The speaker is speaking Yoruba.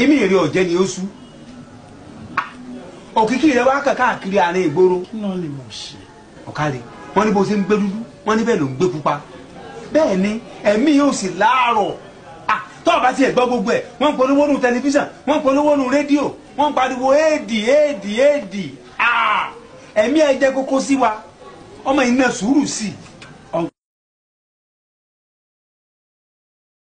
imí ìrìn ọ̀jẹ́ ni ó sú òkìkí rẹ wá kàn káàkiri àárín ìgboro. kí náà lè mọ̀ ṣe. ọ̀kàlẹ̀ wọ́n ní bó ṣe ń gbé dúdú wọ́n ní bẹ́ẹ̀ ló ń gbé pupa bẹ́ẹ̀ ni ẹ̀mí yóò sì láàárọ̀ tó o bá tiẹ̀ gbọ́ gbogbo ẹ̀ wọ́n ń polówó nu tẹlifíṣàn wọ́n ń polówó nu rédíò wọ́n ń pariwo éèdì éèdì éèdì ẹ̀mí ẹ̀ jẹ́ kókó sí wa ọmọ yìí sùúrù sí i